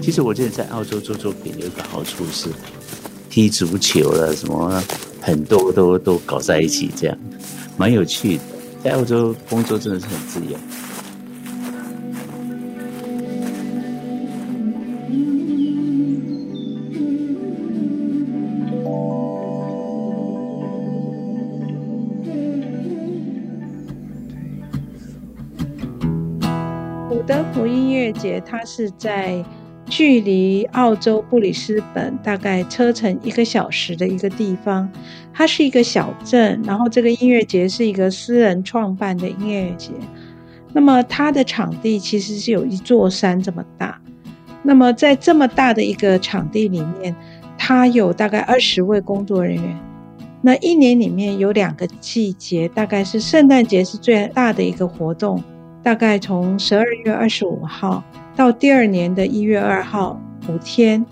其實我覺得在澳洲做作品有一個好處是，踢足球了、啊、什麼、啊，很多都都搞在一起，這樣蠻有趣的。在澳洲工作真的是很自由。節它是在距離澳洲布里斯本大概車程一個小時的一個地方，它是一個小鎮，然後這個音樂節是一個私人創辦的音樂節。那麼它的場地其實是有一座山這麼大。那麼在這麼大的一個場地裡面，它有大概二十位工作人員。那一年裡面有兩個季節，大概是聖誕節是最大的一個活動。大概從十二月二十五號到第二年的一月二號，五天。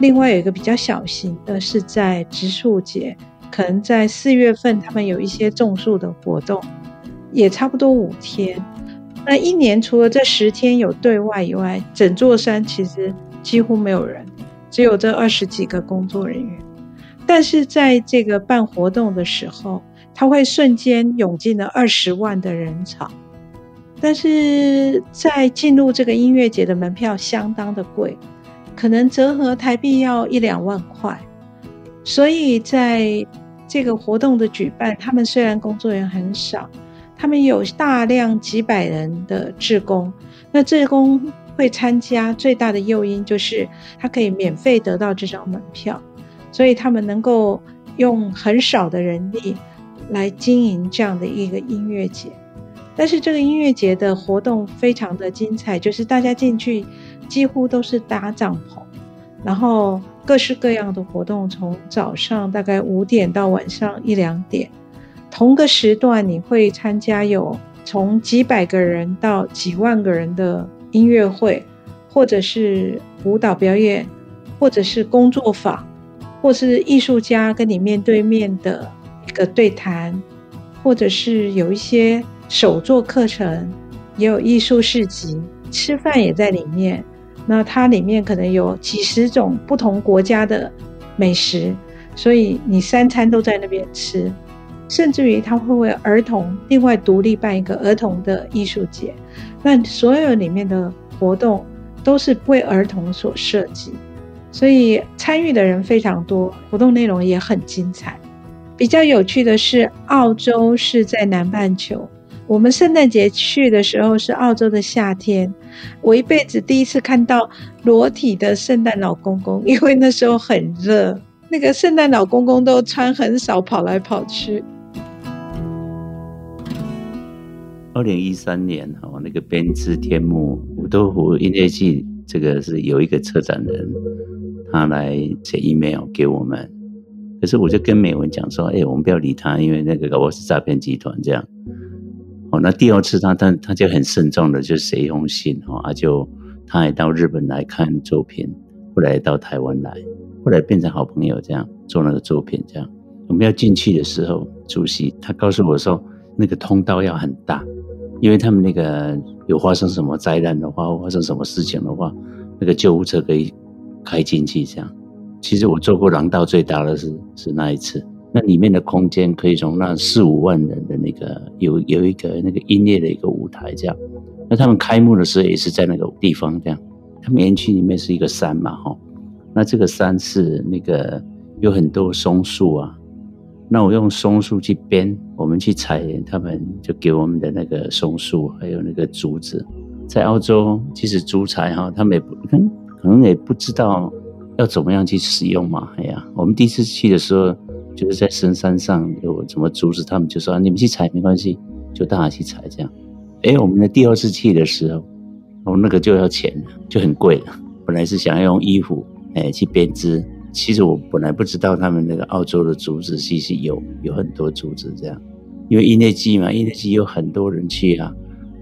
另外有一個比較小型的是在植樹節，可能在四月份，他們有一些種樹的活動，也差不多五天。那一年除了這十天有對外以外，整座山其實幾乎沒有人，只有這二十幾個工作人員。但是在這個辦活動的時候，他會瞬間湧進了二十萬的人潮。但是在進入這個音樂節的門票相當的貴，可能折合台幣要一兩萬塊。所以在這個活動的舉辦，他們雖然工作人員很少，他們有大量幾百人的志工，那志工會參加最大的誘因就是他可以免費得到這張門票，所以他們能夠用很少的人力來經營這樣的一個音樂節。但是這個音樂節的活動非常的精彩，就是大家進去幾乎都是搭帳篷，然後各式各樣的活動，從早上大概五點到晚上一兩點，同個時段你會參加有從幾百個人到幾萬個人的音樂會，或者是舞蹈表演，或者是工作坊，或是藝術家跟你面對面的一個對談，或者是有一些。手作課程，也有藝術市集，吃飯也在裡面。那它裡面可能有幾十種不同國家的美食，所以你三餐都在那邊吃。甚至於他會為兒童另外獨立辦一個兒童的藝術節，那所有裡面的活動都是為兒童所設計，所以參與的人非常多，活動內容也很精彩。比較有趣的是，澳洲是在南半球。我們聖誕節去的時候是澳洲的夏天，我一輩子第一次看到裸體的聖誕老公公，因為那時候很熱，那個聖誕老公公都穿很少跑來跑去。二零一三年哈，那個編織天幕伍德福音樂季，這個是有一個策展人，他來寫 email 給我們，可是我就跟美文講說，哎、欸，我們不要理他，因為那個老外是詐騙集團這樣。哦，那第二次他他他就很慎重的就寫一封信哦，他、啊、就他還到日本來看作品，後來到台灣來，後來變成好朋友這樣做那個作品這樣。我們要進去的時候，主席他告訴我說，那個通道要很大，因為他們那個有發生什麼災難的話，發生什麼事情的話，那個救護車可以開進去這樣。其實我做過廊道最大的是是那一次。那裡面的空間可以容納四五萬人的那個，有有一個那個音樂的一個舞台這樣。那他們開幕的時候也是在那個地方這樣。他們園區裡面是一個山嘛哈，那這個山是那個有很多松樹啊。那我用松樹去編，我們去採，他們就給我們的那個松樹還有那個竹子。在澳洲，其實竹材哈，他們也不可能，可能也不知道要怎麼樣去使用嘛。哎呀、啊，我們第一次去的時候。就是在深山上有什麼竹子，他們就說：“你們去採沒關係。”就大家去採這樣。哎、欸，我們的第二次去的時候，我們那個就要錢了，就很貴了。本來是想要用衣服哎、欸、去編織，其實我本來不知道他們那個澳洲的竹子其實是有有很多竹子這樣。因為印第基嘛，印第基有很多人去啊，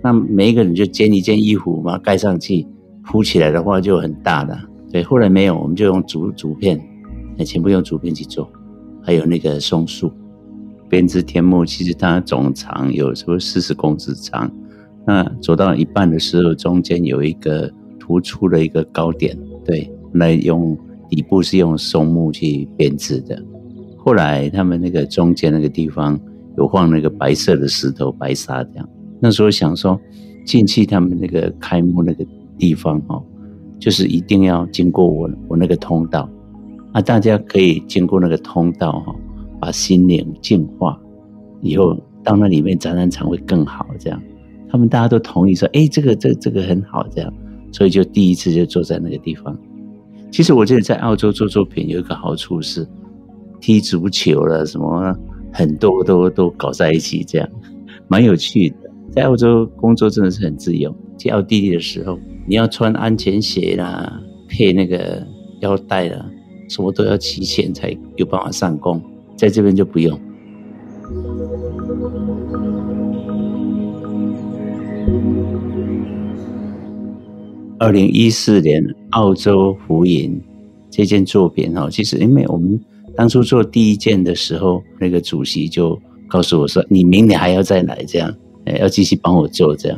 那每一個人就捐一件衣服嘛蓋上去鋪起來的話就很大的。對，後來沒有，我們就用竹竹片、欸，全部用竹片去做。還有那個松樹編織天幕，其實它總長有什麼四十公尺長。那走到一半的時候，中間有一個突出的一個高點，對，那用底部是用松木去編織的。後來他們那個中間那個地方有放那個白色的石頭、白沙這樣。那時候想說進去他們那個開幕那個地方哦，就是一定要經過我我那個通道。啊，大家可以經過那個通道哈，把心靈淨化，以後到那裡面展覽場會更好。這樣，他們大家都同意說，哎、欸，這個這個、這個很好。這樣，所以就第一次就坐在那個地方。其實我覺得在澳洲做作品有一個好處是，踢足球了什麼，很多都都搞在一起，這樣蠻有趣的。在澳洲工作真的是很自由。去奧地利的時候，你要穿安全鞋啦，配那個腰帶啦。什麼都要期限才有辦法上工，在這邊就不用。二零一四年澳洲浮雲這件作品哈，其實因為我們當初做第一件的時候，那個主席就告訴我說：“你明年還要再來這樣，哎，要繼續幫我做這樣。”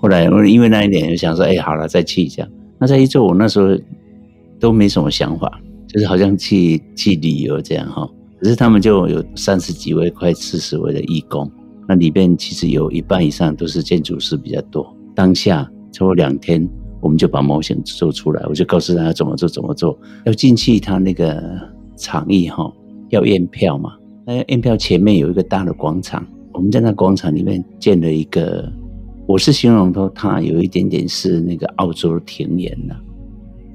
後來因為那一年就想說：“哎，好了，再去一下。”那再一做，我那時候都沒什麼想法。就是好像去去旅遊這樣哈，可是他們就有三十幾位、快四十位的義工，那裡面其實有一半以上都是建築師比較多。當下超過兩天，我們就把模型做出來，我就告訴他怎麼做、怎麼做。要進去他那個場域哈，要驗票嘛。那驗票前面有一個大的廣場，我們在那廣場裡面建了一個，我是形容說它有一點點是那個澳洲田園的啊。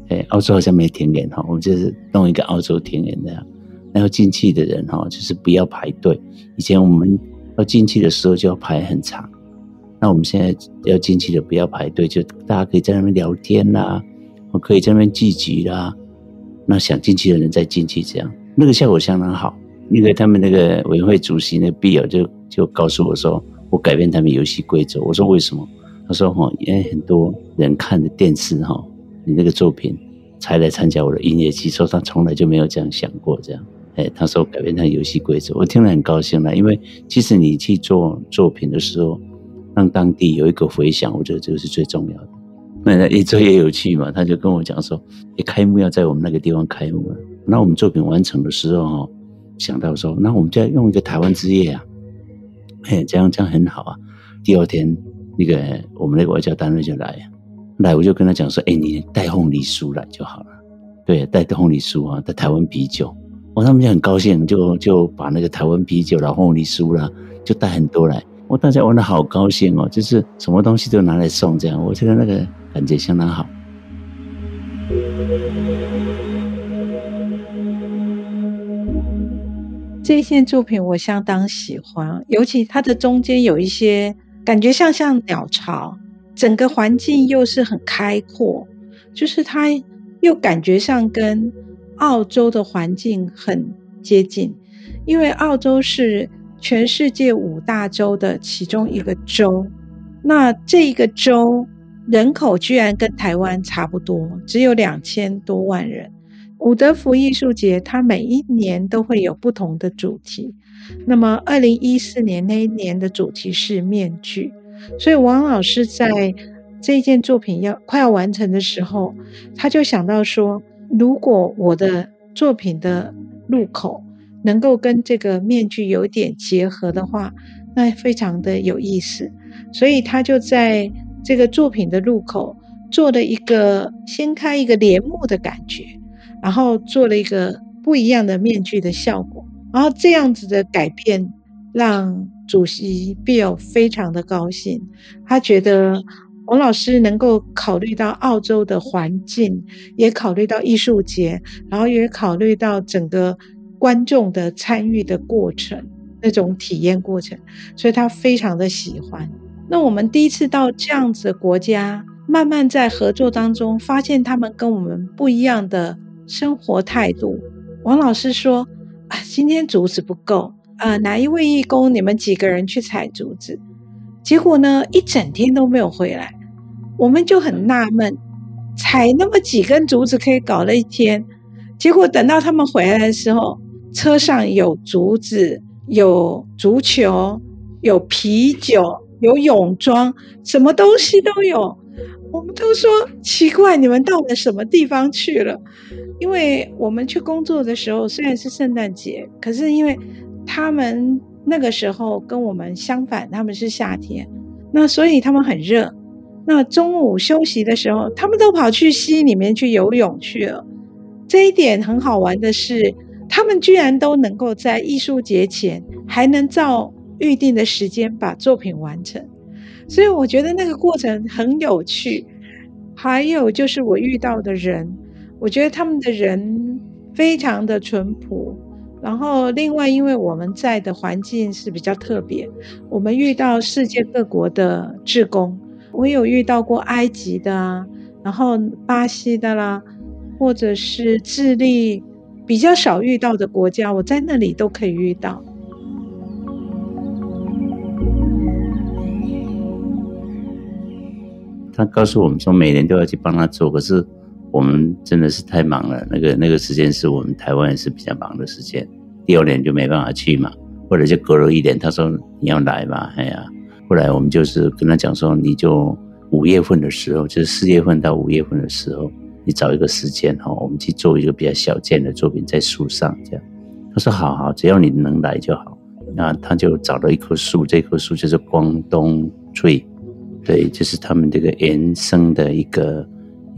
哎，澳洲好像沒田園哈，我們就是弄一個澳洲田園這樣。然後進去的人哈，就是不要排隊。以前我們要進去的時候就要排很長，那我們現在要進去的不要排隊，就大家可以在那邊聊天啦，可以在那邊聚集啦。那想進去的人再進去這樣，那個效果相當好。因為他們那個委員會主席那個畢爾就就告訴我說，我改變他們遊戲規則。我說為什麼？他說哈，因為很多人看的電視哈。你那個作品才來參加我的音樂季，說他從來就沒有這樣想過，這樣，哎，他說改變他遊戲規則，我聽了很高興了，因為其實你去做作品的時候，讓當地有一個回響，我覺得這個是最重要的。那一周也有趣嘛，他就跟我講說，你、欸、開幕要在我們那個地方開幕了，那我們作品完成的時候想到說，那我們就要用一個台灣之夜啊，這樣這樣很好啊。第二天，那個我們那個外交單位就來來，我就跟他講說：“哎、欸，你帶鳳梨酥來就好了，對，帶鳳梨酥啊，帶台灣啤酒哦。”他們就很高興，就就把那個台灣啤酒然後鳳梨酥啦，就帶很多來。我、哦、大家玩得好高興哦，就是什麼東西都拿來送這樣，我覺得那個感覺相當好。這件作品我相當喜歡，尤其它的中間有一些感覺像像鳥巢。整個環境又是很開闊，就是它又感覺上跟澳洲的環境很接近，因為澳洲是全世界五大洲的其中一個州，那這一個州人口居然跟台灣差不多，只有兩千多萬人。伍德福藝術節它每一年都會有不同的主題，那麼二零一四年那一年的主題是面具。所以王老師在這件作品要快要完成的時候，他就想到說，如果我的作品的入口能夠跟這個面具有點結合的話，那非常的有意思。所以他就在這個作品的入口做了一個掀開一個簾幕的感覺，然後做了一個不一樣的面具的效果，然後這樣子的改變讓。主席 Bill 非常的高興，他覺得王老師能夠考慮到澳洲的環境，也考慮到藝術節，然後也考慮到整個觀眾的參與的過程，那種體驗過程，所以他非常的喜歡。那我們第一次到這樣子的國家，慢慢在合作當中發現他們跟我們不一樣的生活態度。王老師說：“啊，今天竹子不夠。”呃，哪一位義工？你們幾個人去採竹子，結果呢，一整天都沒有回來。我們就很納悶，採那麼幾根竹子可以搞了一天。結果等到他們回來的時候，車上有竹子、有足球、有啤酒、有泳裝，什麼東西都有。我們都說奇怪，你們到了什麼地方去了？因為我們去工作的時候雖然是聖誕節，可是因為他們那個時候跟我們相反，他們是夏天，那所以他們很熱。那中午休息的時候，他們都跑去溪裡面去游泳去了。這一點很好玩的是，他們居然都能夠在藝術節前還能照預定的時間把作品完成。所以我覺得那個過程很有趣。還有就是我遇到的人，我覺得他們的人非常的淳樸。然後，另外，因為我們在的環境是比較特別，我們遇到世界各國的志工，我有遇到過埃及的，然後巴西的啦，或者是智利，比較少遇到的國家，我在那裡都可以遇到。他告訴我們說，每年都要去幫他做，可是。我們真的是太忙了，那個那個時間是我們台灣人是比較忙的時間。第二年就沒辦法去嘛，後來就隔了一年，他說你要來嘛。哎呀，後來我們就是跟他講說，你就五月份的時候，就是四月份到五月份的時候，你找一個時間哈，我們去做一個比較小件的作品在樹上這樣。他說好好，只要你能來就好。那他就找到一棵樹，這棵樹就是光東翠，對，就是他們這個原生的一個。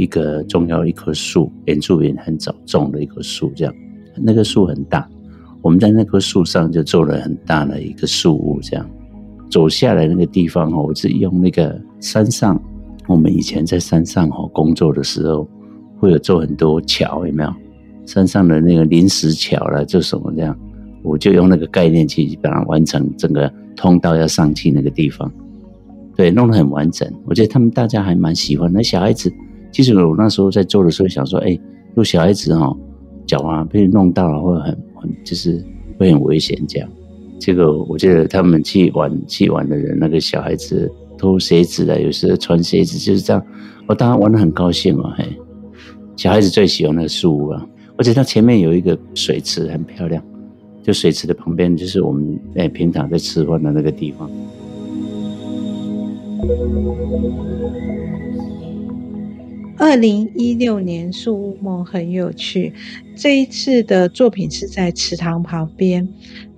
一個重要一棵樹，原住民很早種的一棵樹，這樣。那棵樹很大，我們在那棵樹上就做了很大的一個樹屋，這樣走下來那個地方我是用那個山上，我們以前在山上工作的時候會有做很多橋，有沒有？山上的那個臨時橋了，就什麼這樣，我就用那個概念去把它完成整個通道要上去那個地方，對，弄得很完整。我覺得他們大家還蠻喜歡那小孩子。其實我那時候在做的時候想說，哎、欸，如果小孩子哈、喔、腳啊被弄到了，會很很就是會很危險這樣。結果，我記得他們去玩，去玩的人，那個小孩子脫鞋子啊，有時候穿鞋子就是這樣。我當然玩的很高興啊，嘿、欸，小孩子最喜歡的那個樹屋啊，而且它前面有一個水池，很漂亮。就水池的旁邊就是我們、欸、平常在吃飯的那個地方。二零一六年樹屋夢很有趣，這一次的作品是在池塘旁邊，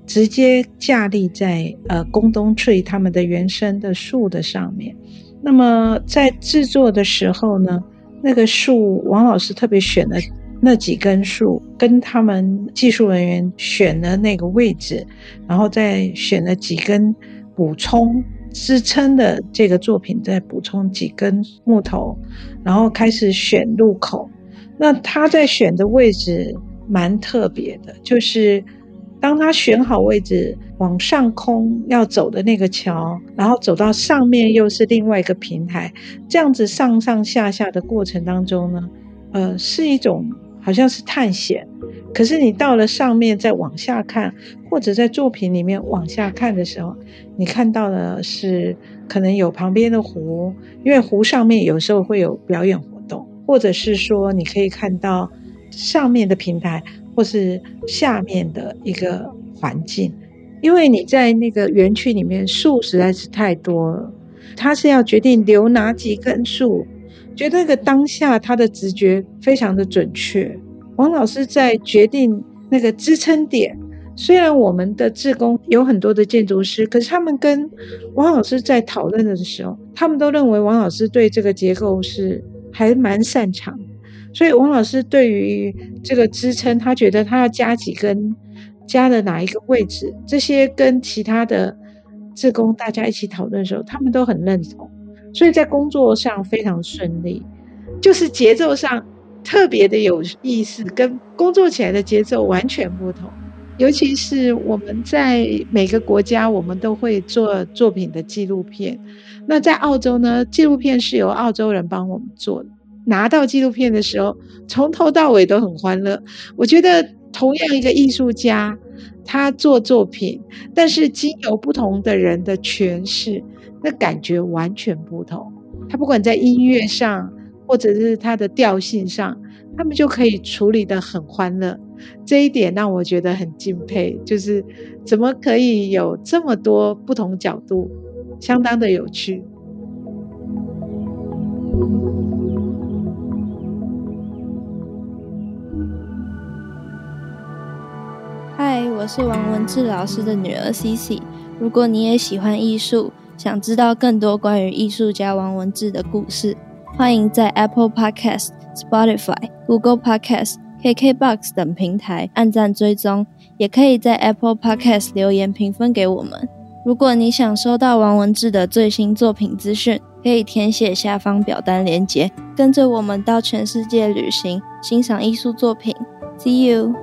直接架立在呃宮東翠他們的原生的樹的上面。那麼在制作的時候呢，那個樹，王老師特別選了那幾根樹，跟他們技術人員選了那個位置，然後再選了幾根補充。支撐的這個作品，再補充幾根木頭，然後開始選入口。那他在選的位置蠻特別的，就是當他選好位置，往上空要走的那個橋，然後走到上面又是另外一個平台，這樣子上上下下的過程當中呢，呃，是一種好像是探險。可是你到了上面再往下看，或者在作品裡面往下看的時候，你看到的是可能有旁邊的湖，因為湖上面有時候會有表演活動，或者是說你可以看到上面的平台，或是下面的一個環境。因為你在那個園區裡面樹實在是太多了，他是要決定留哪幾根樹，覺得那個當下他的直覺非常的準確。王老師在決定那個支撐點，雖然我們的志工有很多的建築師，可是他們跟王老師在討論的時候，他們都認為王老師對這個結構是還蠻擅長，所以王老師對於這個支撐，他覺得他要加幾根，加的哪一個位置，這些跟其他的志工大家一起討論的時候，他們都很認同，所以在工作上非常順利，就是節奏上。特別的有意思，跟工作起來的節奏完全不同。尤其是我們在每個國家，我們都會做作品的紀錄片。那在澳洲呢，紀錄片是由澳洲人幫我們做，拿到紀錄片的時候，從頭到尾都很歡樂。我覺得，同樣一個藝術家，他做作品，但是經由不同的人的詮釋，那感覺完全不同。他不管在音樂上。或者是他的調性上，他們就可以處理得很歡樂，這一點讓我覺得很敬佩。就是怎麼可以有這麼多不同角度，相當的有趣。嗨，我是王文志老師的女兒 cc。如果你也喜歡藝術，想知道更多關於藝術家王文志的故事。歡迎在 Apple Podcast、Spotify、Google Podcast、KKBox 等平台按讚追蹤，也可以在 Apple Podcast 留言評分給我們。如果你想收到王文志的最新作品資訊，可以填寫下方表單鏈接，跟着我們到全世界旅行，欣賞藝術作品。See you!